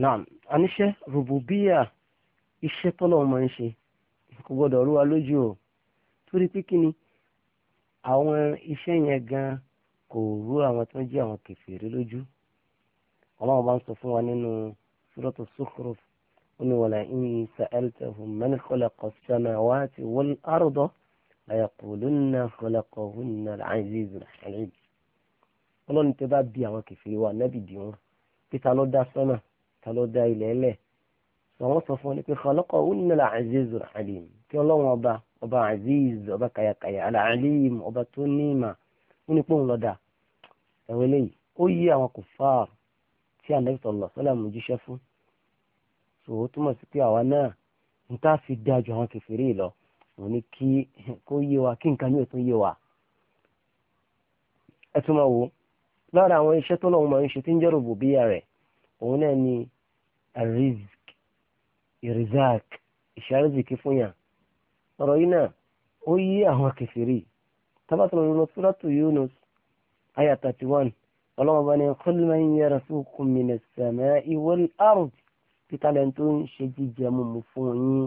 náà aníṣẹ́ rùbùbíyà iṣẹ́ tọ́lọ́wọ́ máa ń ṣe kò gbọ́dọ̀ rú wa lójú o torí pé kí ni àwọn iṣẹ́ yẹn gan kò rú àwọn tó ń jẹ́ àwọn kèfèrí lójú ọlọ́run bá ń sọ fún wa nínú suratu Zukhruf ó ní wala in sa'altahum man khalaqa as-samawati wal arda la yaqulunna khalaqahunna al-azizul halim wọ́n pété alọ́ dá sọ́nà ta ló dá ilẹ̀ ẹlẹ̀ àwọn sọ fún ọ ní pé khalaqa onílẹ̀ azizu alim kí ọlọ́run ọba ọba aziz ọba kayakaya alalim ọba tó ní ìmọ̀ ó ní pòun lọ́dà ẹ̀wọ̀n eléyìí ó yí àwọn kùfàr tí anabi sọlọ sọlá mú jíṣẹ́ fún sòwò túmọ̀ sí pé àwa náà n ta fi dáa ju àwọn kẹfìrí lọ òun ni kí kó yé wa kí nǹkan yóò tún yé wa ẹ tún máa lára àwọn iṣẹ́ tó lọ́wọ́ máa ń ṣe tí ń jẹ́ rògbòbíyà rẹ̀ òun náà ni arizik irizak ìṣàrìzìkì fún yàn ọ̀rọ̀ yìí náà ó yí àwọn kẹfìrí tábàtàlọ́ lọ́nà suratu Yunus aya thirty one ọlọ́wọ́n bá ní qul man yarzuqukum minas samai wal ard títà lẹ́yìn tó ń ṣe jíjẹ mímu fún yín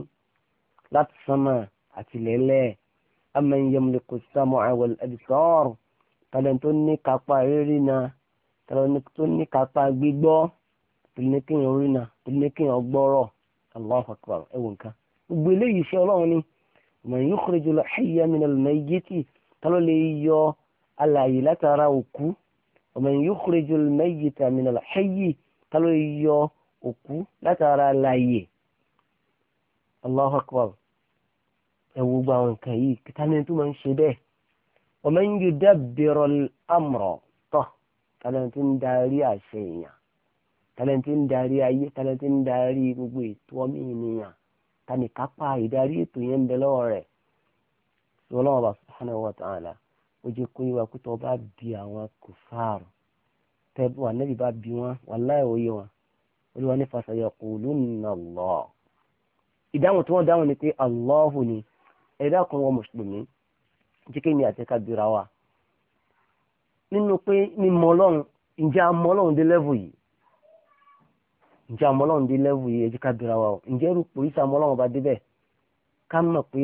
láti sánmà àti lẹ́lẹ́ amman yamliku sam'a wal absar tàlẹ́yìn tó ní kápá rírí náà tàlẹ́yìn tó ní kápá gbígbọ́ tìlú ní kéèyàn orí náà tìlú ní kéèyàn gbọ́rọ̀ Allahu akbar ẹ̀wọ̀n nǹkan gbogbo eléyìí iṣẹ́ ọlọ́run ni man yukhrijul hayya minal mayyiti tọ́lọ́ lè yọ alààyè látara òkú man yukhrijul mayyita minal hayyi tọ́lọ́ lè yọ òkú látara alààyè Allahu akbar ẹ̀wọ̀n gbogbo àwọn nǹkan yìí kìtàní tó máa ń ṣe bẹ́ẹ̀ wa man yudabbiru al-amra tọ́ tọ́lọ́ tó ń darí àṣẹ èèyàn tálẹ́ǹtì ń darí ayé tálẹ́ǹtì ń darí gbogbo ètò ọmọ ènìyàn tani kápá ìdarí ètò yẹn ń bẹ lọ́wọ́ rẹ̀ sọlọ́wọ́ bá subhanahu wa ta'ala ó jẹ́ kó yíwa kó tó bá bi àwọn kùfààrù tẹ́bù ànábì bá bi wọn wallahi òye wọn olúwa ní fasayaqulunna Allah ìdáhùn tí wọ́n dáhùn ni pé Allahu ni ẹ̀dá kan wọ mùsùlùmí jíkẹ́ ni àti kábíra wa nínú pé mímọ́ ọlọ́run ǹjẹ́ a ọlọ́run dé lẹ́vù yìí ǹjẹ́ àmọ́lọ́run dé lẹ́wù yìí ẹjẹ́ ká bira wa o ǹjẹ́ irú pòrí sí àmọ́lọ́run bá débẹ̀ ká mọ̀ pé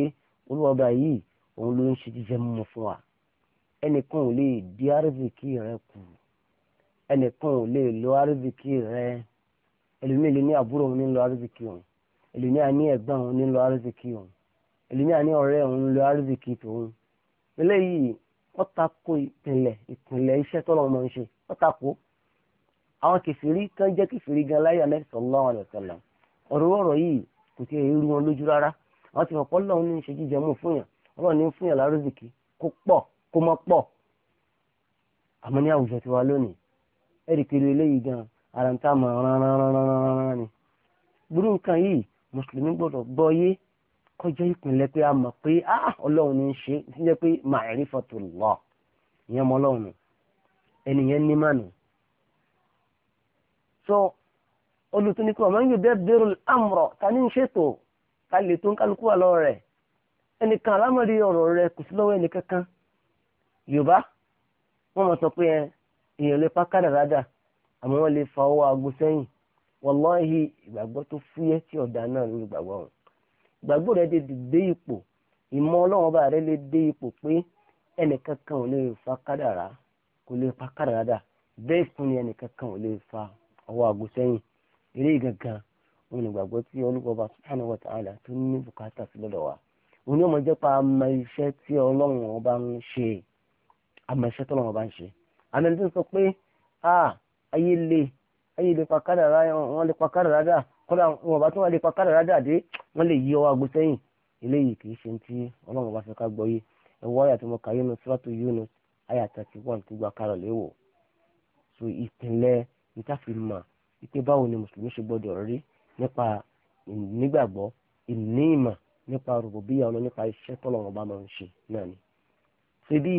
olúwọba yìí òun ló ń ṣe jíjẹ mímu fún wa ẹnìkan ò lè di àrísìkí rẹ kù ẹnìkan ò lè lo àrísìkí rẹ ẹlòmíì lè ní àbúrò òun ní lo àrísìkí òun ẹlòmíì àní ẹ̀gbọ́n òun ní lo àrísìkí òun ẹlòmíì àní ọ̀rẹ́ òun lo àrísìkí tòun eléyìí ó ìpìlẹ̀ ìpìlẹ̀ àwọn kẹfìrí kan jẹ́ kẹfìrí gan láyé alẹ́ sallallahu alaihi wasallam ọ̀rọ̀ ọ̀rọ̀ yìí kò tiẹ̀ rú wọn lójú rárá àwọn ti rọ̀pọ̀ lọ́wọ́ ní ṣe jíjẹ mú fún yàn ọlọ́run ní fún yàn lárúzìkì kó pọ̀ kó mọ́ pọ̀ àmọ́ ní àwùjọ tiwa lónìí ẹ̀rì kiri eléyìí gan ara ń tà mọ́ rárá ni burú nǹkan yìí mùsùlùmí gbọ́dọ̀ gbọ́ yé kọjá ìpínlẹ̀ pé a mọ̀ pé ah, ọlọ́run ní ṣe ti jẹ́ pé màrífọ̀tò lọ ìyẹn mọ́ ọlọ́run ẹnìyẹn ní mànù so olùtúnikọ́ ọmọ yóò dẹ́ bẹ́rù amúrọ̀ ta ní ń ṣètò ta lè tó ń kálukú wà lọ́wọ́ rẹ ẹnìkan alámọ̀rí ọ̀rọ̀ rẹ̀ kò sí lọ́wọ́ ẹnìkankan yorùbá wọ́n mọ̀ sọ pé èèyàn lè pa kádàrádà fa owó aago sẹ́yìn wọlọ́ọ̀hì ìgbàgbọ́ tó fúyẹ́ tí ọ̀dà náà ọ̀hún ìgbàgbọ́ dé ipò ìmọ̀ ọlọ́run bá lè dé ipò pé ẹnìkankan ò lè fa kádàrá kò lè pa bẹ́ẹ̀ fún ni ẹnìkankan ọwọ́ àgọ́ sẹ́yìn eré gangan òun ìgbàgbọ́ tí olúkọba subhanahu wa ta'ala tó ní bùkátà sí lọ́dọ̀ wa òun ni ọmọ jẹ́ pa ama iṣẹ́ tí ọlọ́run ọba ń ṣe ama iṣẹ́ tí ọlọ́run ọba ń ṣe àmì ẹni tó ń sọ pé ayé le ayé le pakádà rádà wọn lè pakádà rádà kódà wọn bá tún wọn lè pakádà rádà dé wọn lè yí ọwọ́ àgọ́ sẹ́yìn eléyìí kì í ṣe ti ọlọ́run ọba fẹ́ ká gbọ́ yé ẹ̀wọ́ àyàtọ̀ mọ̀ká Yunus suratu Yunus àyà tó gba níta fi mọ̀ wípé báwo ni mùsùlùmí ṣe gbọ́dọ̀ rí nípa nígbàgbọ́ ìní ìmọ̀ nípa rògbòbíyà ọlọ́ nípa iṣẹ́ tọ́lọ́run bá máa ń ṣe náà ni. síbí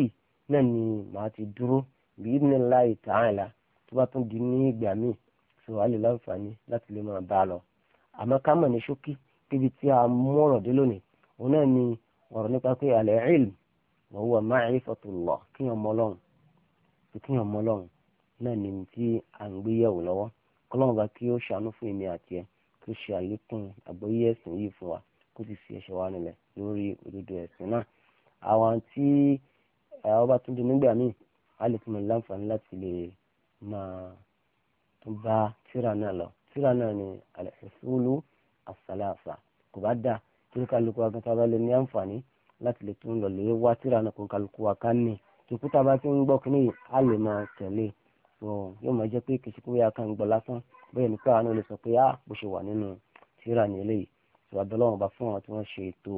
náà ni màá ti dúró bíi ní láì tààlà tó bá tún di ní ìgbà míì sọ wàá lè láǹfààní láti lè máa bá a lọ. àmọ́ ká mọ̀ ní ṣókí kébi tí a mú ọ̀rọ̀ dé lónìí òun náà ni ọ̀rọ̀ nípa pé al-ilm wa huwa ma'rifatullah kíyàn mọ́ Ọlọ́run náà ní tí à ń gbé yẹ̀wò lọ́wọ́ kọ́lọ́mù bá kí ó ṣàánú fún èmi àti ẹ kí ó ṣe àlékún àgbọ́yé ẹ̀sìn yìí fún wa kó ti fi ẹ̀ṣẹ̀ wa nílẹ̀ lórí òdodo ẹ̀sìn náà àwọn tí ọba tuntun nígbà míì a lè fún mi láǹfààní láti lè máa tún bá tíra náà lọ tíra náà ni al-usulu kò bá dáa kí n kálukú wa kan tá lè ní àǹfààní láti lè tún lọ lè wá tíra náà kó kálukú wa ká ní tòkúta bá ti ń gbọ́ kínní a lè máa tẹ̀lé e so yóò máa jẹ́ pé kìí ṣe pé bóyá kan gbọ́ lásán bóyá nípa àwọn olè sọ pé á bó ṣe wà nínú tírà ní eléyìí so abẹ́lọ́wọ̀n bá fún àwọn tí wọ́n ṣe ètò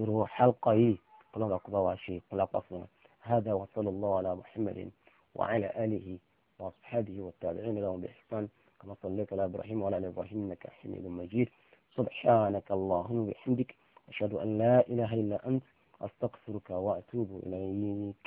irú halqa yìí ọlọ́run àkọ́bá wa ṣe ìpínlápá fún wọn hada wa sallallahu ala muhammadin wa ala alihi wa ashabihi wa tabi'in lahum bi ihsan kama sallaita ala ibrahim wa ala ali ibrahim innaka majid subhanaka allahumma wa bihamdik an la ilaha illa ant astaghfiruka wa atubu ilayk